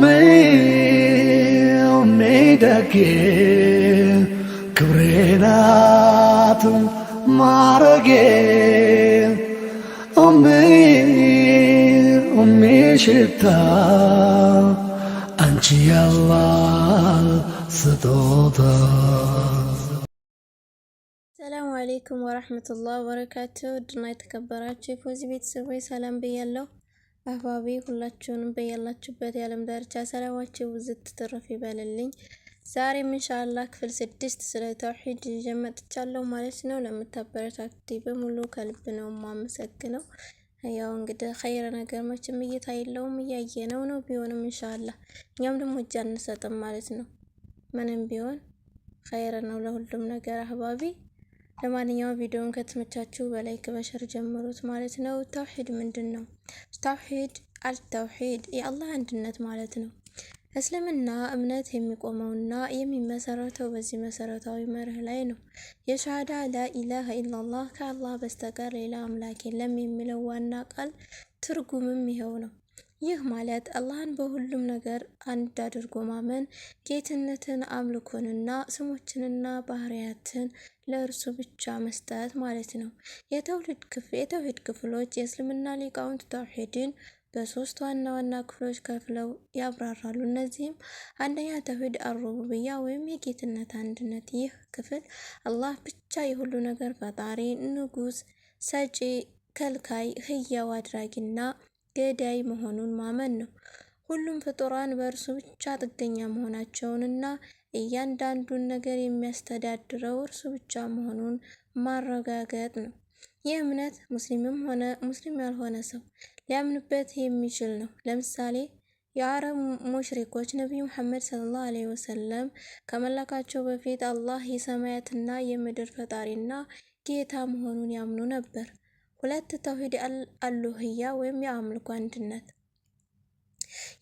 ሜሜደጌ ክብሬናት ማረጌ ሽታ አንቺ ያላል ስጦታ። ሰላሙ አሌይኩም ወረሕመቱላህ ወበረካቱ ድና የተከበራችሁ የፎዚ ቤተሰቦች ሰላም ብያለሁ። አህባቢ ሁላችሁንም በያላችሁበት የዓለም ዳርቻ ሰላማችሁ ውዝት ትረፍ ይበልልኝ። ዛሬም እንሻላ ክፍል ስድስት ስለ ተውሒድ ይዤ መጥቻለሁ ማለት ነው። ለምታበረታቱ በሙሉ ከልብ ነው የማመሰግነው። ያው እንግዲህ ኸይረ ነገር መቼም እይታ የለውም እያየ ነው ነው ቢሆንም እንሻላ እኛም ደግሞ እጅ አንሰጥም ማለት ነው። ምንም ቢሆን ኸይረ ነው ለሁሉም ነገር አህባቢ ለማንኛውም ቪዲዮውን ከተመቻችሁ በላይክ በሸር ጀምሩት ማለት ነው። ተውሂድ ምንድን ነው? ተውሂድ አልተውሂድ የአላህ አንድነት ማለት ነው። እስልምና እምነት የሚቆመውና የሚመሰረተው በዚህ መሰረታዊ መርህ ላይ ነው። የሻሃዳ ላኢላሀ ኢላላህ ከአላህ በስተቀር ሌላ አምላክ የለም የሚለው ዋና ቃል ትርጉምም ይኸው ነው። ይህ ማለት አላህን በሁሉም ነገር አንድ አድርጎ ማመን፣ ጌትነትን፣ አምልኮንና ስሞችንና ባህሪያትን ለእርሱ ብቻ መስጠት ማለት ነው። የተውሂድ ክፍሎች የእስልምና ሊቃውንት ተውሂድን በሶስት ዋና ዋና ክፍሎች ከፍለው ያብራራሉ። እነዚህም አንደኛ ተውሂድ አሩቡብያ ወይም የጌትነት አንድነት። ይህ ክፍል አላህ ብቻ የሁሉ ነገር ፈጣሪ፣ ንጉስ፣ ሰጪ፣ ከልካይ፣ ህያው አድራጊና ገዳይ መሆኑን ማመን ነው። ሁሉም ፍጡራን በእርሱ ብቻ ጥገኛ መሆናቸውንና እያንዳንዱን ነገር የሚያስተዳድረው እርሱ ብቻ መሆኑን ማረጋገጥ ነው። ይህ እምነት ሙስሊምም ሆነ ሙስሊም ያልሆነ ሰው ሊያምንበት የሚችል ነው። ለምሳሌ የአረብ ሙሽሪኮች ነቢዩ ሙሐመድ ሰለላሁ ዓለይሂ ወሰለም ከመላካቸው በፊት አላህ የሰማያትና የምድር ፈጣሪና ጌታ መሆኑን ያምኑ ነበር። ሁለት ተውሂድ አሉህያ ወይም የአምልኮ አንድነት።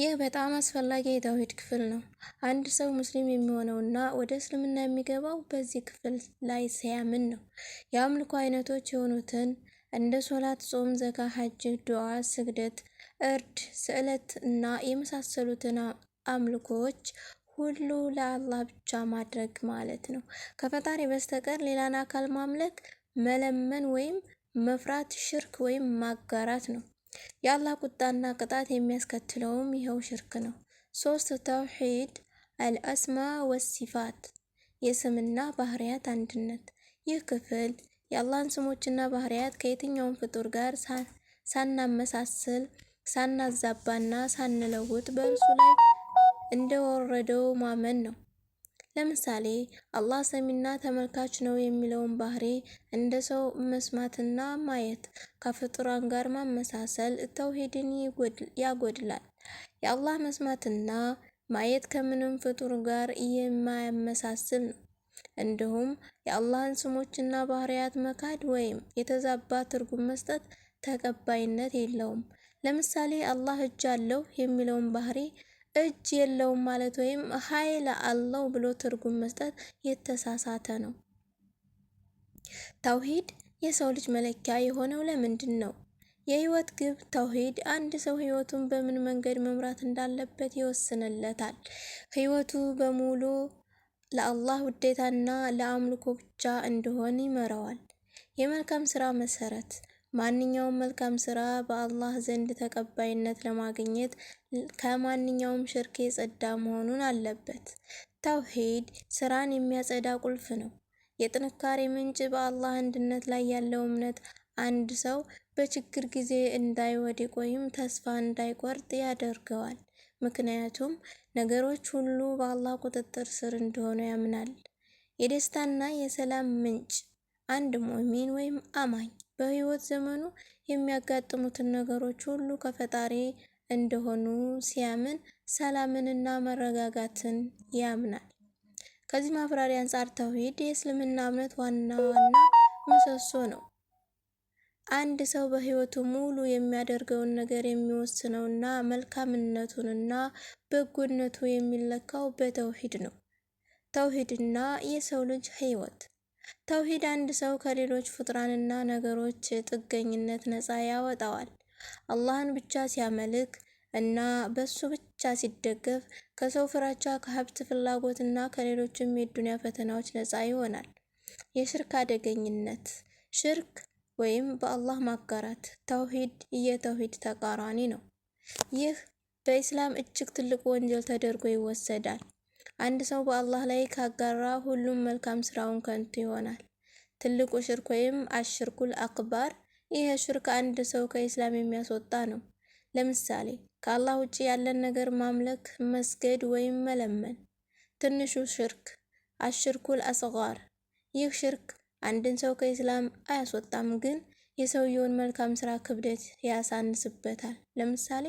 ይህ በጣም አስፈላጊ የተውሂድ ክፍል ነው። አንድ ሰው ሙስሊም የሚሆነውና ወደ እስልምና የሚገባው በዚህ ክፍል ላይ ሲያምን ነው። የአምልኮ አይነቶች የሆኑትን እንደ ሶላት፣ ጾም፣ ዘካ፣ ሐጅ፣ ዱዓ፣ ስግደት፣ እርድ፣ ስዕለት እና የመሳሰሉትን አምልኮዎች ሁሉ ለአላህ ብቻ ማድረግ ማለት ነው። ከፈጣሪ በስተቀር ሌላን አካል ማምለክ፣ መለመን ወይም መፍራት ሽርክ ወይም ማጋራት ነው። የአላህ ቁጣና ቅጣት የሚያስከትለውም ይኸው ሽርክ ነው። ሶስት ተውሒድ አልአስማ ወሲፋት የስምና ባህሪያት አንድነት። ይህ ክፍል የአላህን ስሞችና ባህሪያት ከየትኛውም ፍጡር ጋር ሳናመሳስል ሳናዛባና ሳንለውጥ በእርሱ ላይ እንደወረደው ማመን ነው። ለምሳሌ አላህ ሰሚና ተመልካች ነው የሚለውን ባህሪ እንደ ሰው መስማትና ማየት፣ ከፍጡራን ጋር ማመሳሰል ተውሂድን ያጎድላል። የአላህ መስማትና ማየት ከምንም ፍጡር ጋር የማያመሳስል ነው። እንዲሁም የአላህን ስሞችና ባህሪያት መካድ ወይም የተዛባ ትርጉም መስጠት ተቀባይነት የለውም። ለምሳሌ አላህ እጅ አለው የሚለውን ባህሪ እጅ የለውም ማለት ወይም ኃይል አለው ብሎ ትርጉም መስጠት የተሳሳተ ነው። ተውሂድ የሰው ልጅ መለኪያ የሆነው ለምንድን ነው? የህይወት ግብ ተውሂድ አንድ ሰው ህይወቱን በምን መንገድ መምራት እንዳለበት ይወስንለታል። ህይወቱ በሙሉ ለአላህ ውዴታና ለአምልኮ ብቻ እንደሆን ይመራዋል። የመልካም ስራ መሰረት ማንኛውም መልካም ስራ በአላህ ዘንድ ተቀባይነት ለማግኘት ከማንኛውም ሽርክ የጸዳ መሆኑን አለበት። ተውሂድ ስራን የሚያጸዳ ቁልፍ ነው። የጥንካሬ ምንጭ በአላህ አንድነት ላይ ያለው እምነት አንድ ሰው በችግር ጊዜ እንዳይወድቅ ወይም ተስፋ እንዳይቆርጥ ያደርገዋል። ምክንያቱም ነገሮች ሁሉ በአላህ ቁጥጥር ስር እንደሆነ ያምናል። የደስታና የሰላም ምንጭ አንድ ሙእሚን ወይም አማኝ በህይወት ዘመኑ የሚያጋጥሙትን ነገሮች ሁሉ ከፈጣሪ እንደሆኑ ሲያምን ሰላምንና መረጋጋትን ያምናል። ከዚህ ማብራሪያ አንጻር ተውሂድ የእስልምና እምነት ዋና ዋና ምሰሶ ነው። አንድ ሰው በሕይወቱ ሙሉ የሚያደርገውን ነገር የሚወስነውና መልካምነቱንና በጎነቱ የሚለካው በተውሂድ ነው። ተውሂድና የሰው ልጅ ሕይወት ተውሂድ አንድ ሰው ከሌሎች ፍጡራንና ነገሮች ጥገኝነት ነፃ ያወጣዋል። አላህን ብቻ ሲያመልክ እና በሱ ብቻ ሲደገፍ ከሰው ፍራቻ፣ ከሀብት ፍላጎት እና ከሌሎችም የዱንያ ፈተናዎች ነፃ ይሆናል። የሽርክ አደገኝነት ሽርክ ወይም በአላህ ማጋራት ተውሂድ የተውሂድ ተቃራኒ ነው። ይህ በኢስላም እጅግ ትልቅ ወንጀል ተደርጎ ይወሰዳል። አንድ ሰው በአላህ ላይ ካጋራ ሁሉም መልካም ስራውን ከንቱ ይሆናል። ትልቁ ሽርክ ወይም አሽርኩል አክባር፣ ይህ ሽርክ አንድ ሰው ከኢስላም የሚያስወጣ ነው። ለምሳሌ ከአላህ ውጭ ያለን ነገር ማምለክ፣ መስገድ ወይም መለመን። ትንሹ ሽርክ አሽርኩል አስጋር፣ ይህ ሽርክ አንድን ሰው ከኢስላም አያስወጣም፣ ግን የሰውየውን መልካም ስራ ክብደት ያሳንስበታል። ለምሳሌ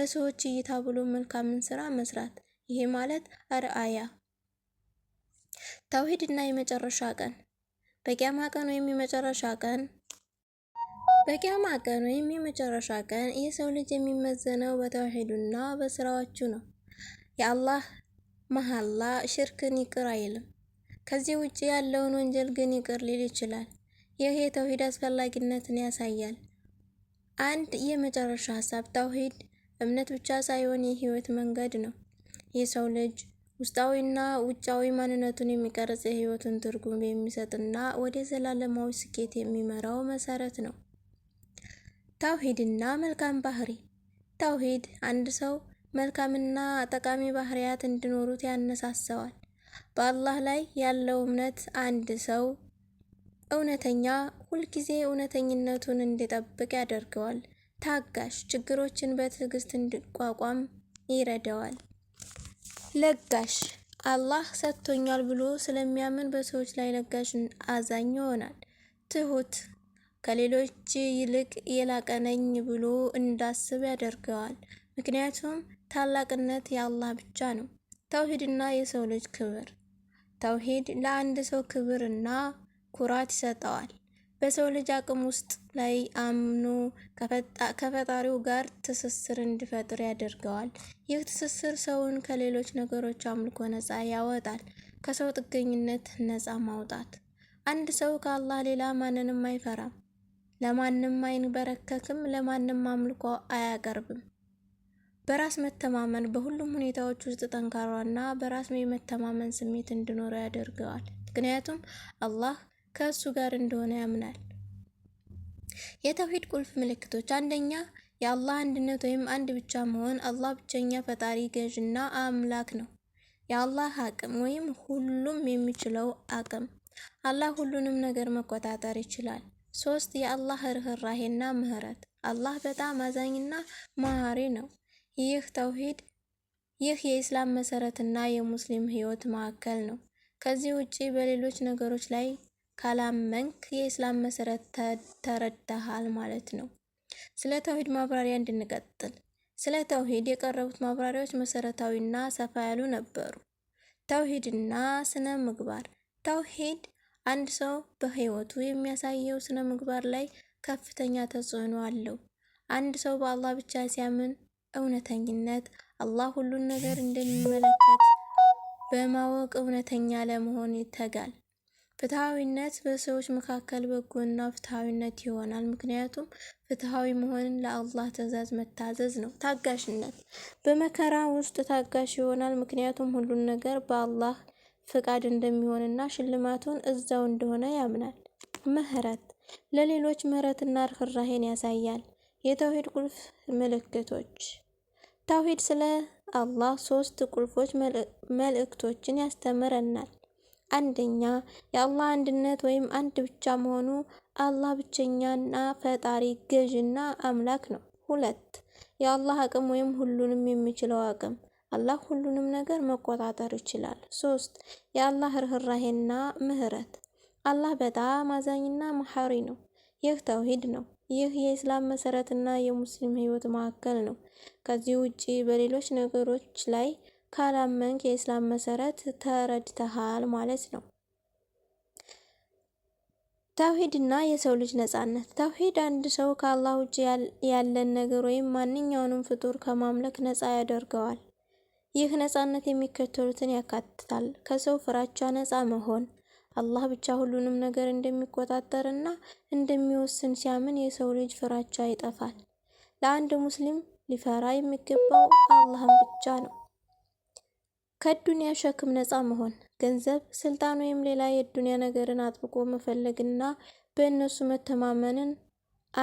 ለሰዎች እይታ ብሎ መልካምን ስራ መስራት ይሄ ማለት አርአያ ተውሂድ እና የመጨረሻ ቀን በቂያማ ቀን ወይም የመጨረሻ ቀን በቂያማ ቀን ወይም የመጨረሻ ቀን የሰው ልጅ የሚመዘነው በተውሂዱና በስራዎቹ ነው። የአላህ መሐላ ሽርክን ይቅር አይልም። ከዚህ ውጭ ያለውን ወንጀል ግን ይቅር ሊል ይችላል። ይህ የተውሂድ አስፈላጊነትን ያሳያል። አንድ የመጨረሻ ሀሳብ ተውሂድ እምነት ብቻ ሳይሆን የህይወት መንገድ ነው። የሰው ልጅ ውስጣዊና ውጫዊ ማንነቱን የሚቀርጽ የህይወትን ትርጉም የሚሰጥና ወደ ዘላለማዊ ስኬት የሚመራው መሰረት ነው። ተውሂድና መልካም ባህሪ ተውሂድ አንድ ሰው መልካምና ጠቃሚ ባህሪያት እንዲኖሩት ያነሳሰዋል። በአላህ ላይ ያለው እምነት አንድ ሰው እውነተኛ፣ ሁልጊዜ እውነተኝነቱን እንዲጠብቅ ያደርገዋል። ታጋሽ፣ ችግሮችን በትዕግስት እንዲቋቋም ይረዳዋል። ለጋሽ አላህ ሰጥቶኛል ብሎ ስለሚያምን በሰዎች ላይ ለጋሽ አዛኝ ይሆናል። ትሁት ከሌሎች ይልቅ የላቀ ነኝ ብሎ እንዳስብ ያደርገዋል። ምክንያቱም ታላቅነት የአላህ ብቻ ነው። ተውሂድና የሰው ልጅ ክብር ተውሂድ ለአንድ ሰው ክብርና ኩራት ይሰጠዋል። በሰው ልጅ አቅም ውስጥ ላይ አምኖ ከፈጣሪው ጋር ትስስር እንዲፈጥር ያደርገዋል። ይህ ትስስር ሰውን ከሌሎች ነገሮች አምልኮ ነፃ ያወጣል። ከሰው ጥገኝነት ነፃ ማውጣት። አንድ ሰው ከአላህ ሌላ ማንንም አይፈራም፣ ለማንም አይንበረከክም፣ ለማንም አምልኮ አያቀርብም። በራስ መተማመን በሁሉም ሁኔታዎች ውስጥ ጠንካራና በራስ የመተማመን ስሜት እንዲኖረው ያደርገዋል። ምክንያቱም አላህ ከእሱ ጋር እንደሆነ ያምናል። የተውሂድ ቁልፍ ምልክቶች አንደኛ የአላህ አንድነት ወይም አንድ ብቻ መሆን። አላህ ብቸኛ ፈጣሪ ገዥና አምላክ ነው። የአላህ አቅም ወይም ሁሉም የሚችለው አቅም፣ አላህ ሁሉንም ነገር መቆጣጠር ይችላል። ሶስት የአላህ ርኅራሄና ምህረት፣ አላህ በጣም አዛኝና መሐሪ ነው። ይህ ተውሂድ ይህ የኢስላም መሰረትና የሙስሊም ህይወት ማዕከል ነው። ከዚህ ውጪ በሌሎች ነገሮች ላይ ካላመንክ የእስላም መሰረት ተረድተሃል ማለት ነው። ስለ ተውሂድ ማብራሪያ እንድንቀጥል ስለ ተውሂድ የቀረቡት ማብራሪያዎች መሰረታዊና ሰፋ ያሉ ነበሩ። ተውሂድና ስነ ምግባር ተውሂድ አንድ ሰው በህይወቱ የሚያሳየው ስነ ምግባር ላይ ከፍተኛ ተጽዕኖ አለው። አንድ ሰው በአላህ ብቻ ሲያምን እውነተኝነት፣ አላህ ሁሉን ነገር እንደሚመለከት በማወቅ እውነተኛ ለመሆን ይተጋል። ፍትሐዊነት በሰዎች መካከል በጎና ፍትሐዊነት ይሆናል። ምክንያቱም ፍትሐዊ መሆንን ለአላህ ትዕዛዝ መታዘዝ ነው። ታጋሽነት በመከራ ውስጥ ታጋሽ ይሆናል። ምክንያቱም ሁሉን ነገር በአላህ ፍቃድ እንደሚሆንና ሽልማቱን እዛው እንደሆነ ያምናል። ምህረት ለሌሎች ምህረትና ርኅራሄን ያሳያል። የተውሂድ ቁልፍ ምልክቶች ተውሂድ ስለ አላህ ሶስት ቁልፎች መልእክቶችን ያስተምረናል። አንደኛ የአላህ አንድነት ወይም አንድ ብቻ መሆኑ አላህ ብቸኛና ፈጣሪ ገዥና አምላክ ነው። ሁለት የአላህ አቅም ወይም ሁሉንም የሚችለው አቅም አላህ ሁሉንም ነገር መቆጣጠር ይችላል። ሶስት የአላህ ርኅራሄና ምህረት አላህ በጣም አዛኝና መሐሪ ነው። ይህ ተውሂድ ነው። ይህ የእስላም መሰረትና የሙስሊም ህይወት ማዕከል ነው። ከዚህ ውጪ በሌሎች ነገሮች ላይ ካላመንክ የእስላም መሰረት ተረድተሃል ማለት ነው። ተውሂድ እና የሰው ልጅ ነጻነት። ተውሂድ አንድ ሰው ከአላህ ውጭ ያለን ነገር ወይም ማንኛውንም ፍጡር ከማምለክ ነጻ ያደርገዋል። ይህ ነጻነት የሚከተሉትን ያካትታል። ከሰው ፍራቻ ነጻ መሆን፣ አላህ ብቻ ሁሉንም ነገር እንደሚቆጣጠር እና እንደሚወስን ሲያምን የሰው ልጅ ፍራቻ ይጠፋል። ለአንድ ሙስሊም ሊፈራ የሚገባው አላህን ብቻ ነው። ከዱንያ ሸክም ነፃ መሆን ገንዘብ፣ ስልጣን ወይም ሌላ የዱንያ ነገርን አጥብቆ መፈለግና በእነሱ መተማመንን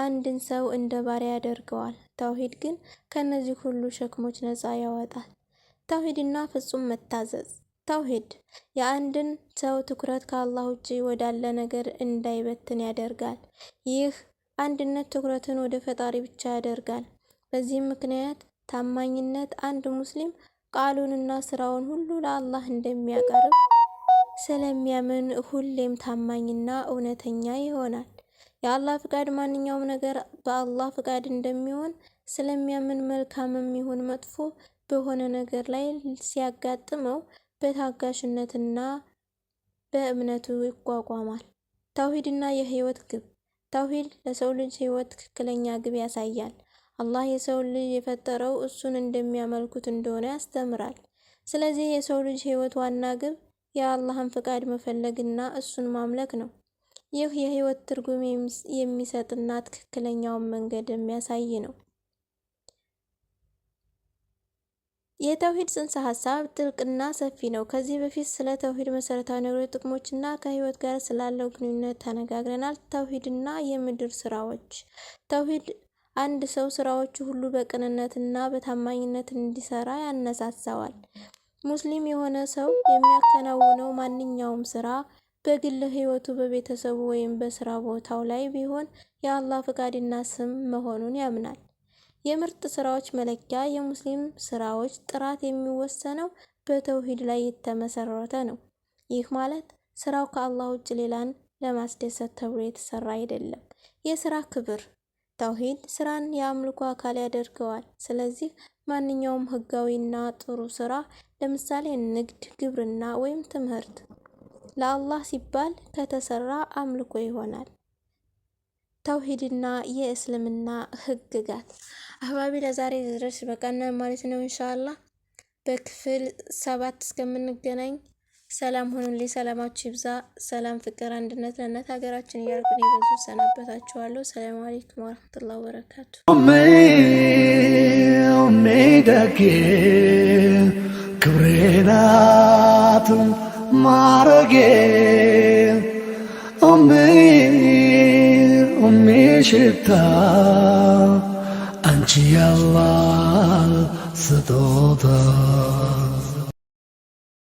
አንድን ሰው እንደ ባሪያ ያደርገዋል። ተውሂድ ግን ከእነዚህ ሁሉ ሸክሞች ነፃ ያወጣል። ተውሂድና ፍጹም መታዘዝ ተውሂድ የአንድን ሰው ትኩረት ከአላህ ውጭ ወዳለ ነገር እንዳይበትን ያደርጋል። ይህ አንድነት ትኩረትን ወደ ፈጣሪ ብቻ ያደርጋል። በዚህም ምክንያት ታማኝነት አንድ ሙስሊም ቃሉንና ስራውን ሁሉ ለአላህ እንደሚያቀርብ ስለሚያምን ሁሌም ታማኝና እውነተኛ ይሆናል። የአላህ ፍቃድ ማንኛውም ነገር በአላህ ፍቃድ እንደሚሆን ስለሚያምን መልካምም ይሁን መጥፎ በሆነ ነገር ላይ ሲያጋጥመው በታጋሽነትና በእምነቱ ይቋቋማል። ተውሂድና የህይወት ግብ ተውሂድ ለሰው ልጅ ህይወት ትክክለኛ ግብ ያሳያል። አላህ የሰውን ልጅ የፈጠረው እሱን እንደሚያመልኩት እንደሆነ ያስተምራል። ስለዚህ የሰው ልጅ ህይወት ዋና ግብ የአላህን ፍቃድ መፈለግና እሱን ማምለክ ነው። ይህ የህይወት ትርጉም የሚሰጥና ትክክለኛውን መንገድ የሚያሳይ ነው። የተውሂድ ጽንሰ ሀሳብ ጥልቅና ሰፊ ነው። ከዚህ በፊት ስለ ተውሂድ መሰረታዊ ነገሮች፣ ጥቅሞችና ከህይወት ጋር ስላለው ግንኙነት ተነጋግረናል። ተውሂድና የምድር ስራዎች ተውሂድ አንድ ሰው ስራዎቹ ሁሉ በቅንነትና በታማኝነት እንዲሰራ ያነሳሳዋል። ሙስሊም የሆነ ሰው የሚያከናውነው ማንኛውም ስራ በግል ህይወቱ፣ በቤተሰቡ ወይም በስራ ቦታው ላይ ቢሆን የአላህ ፍቃድና ስም መሆኑን ያምናል። የምርጥ ስራዎች መለኪያ የሙስሊም ስራዎች ጥራት የሚወሰነው በተውሂድ ላይ የተመሰረተ ነው። ይህ ማለት ስራው ከአላህ ውጭ ሌላን ለማስደሰት ተብሎ የተሰራ አይደለም። የስራ ክብር ተውሂድ ስራን የአምልኮ አካል ያደርገዋል። ስለዚህ ማንኛውም ህጋዊና ጥሩ ስራ ለምሳሌ ንግድ፣ ግብርና ወይም ትምህርት ለአላህ ሲባል ከተሰራ አምልኮ ይሆናል። ተውሂድና የእስልምና ህግጋት አህባቢ ለዛሬ ድረስ በቃና ማለት ነው። ኢንሻአላህ በክፍል ሰባት እስከምንገናኝ ሰላም ሁኑልኝ። ሰላማችሁ ይብዛ። ሰላም፣ ፍቅር፣ አንድነት ለእናት ሀገራችን እያልኩን የበዙ ሰናበታችኋለሁ። ሰላም አሌይኩም ወረህመቱላሂ ወበረካቱ። ሜደጌ ክብሬናት ማረጌ ሜ ሽታ አንቺ ያላል ስጦታ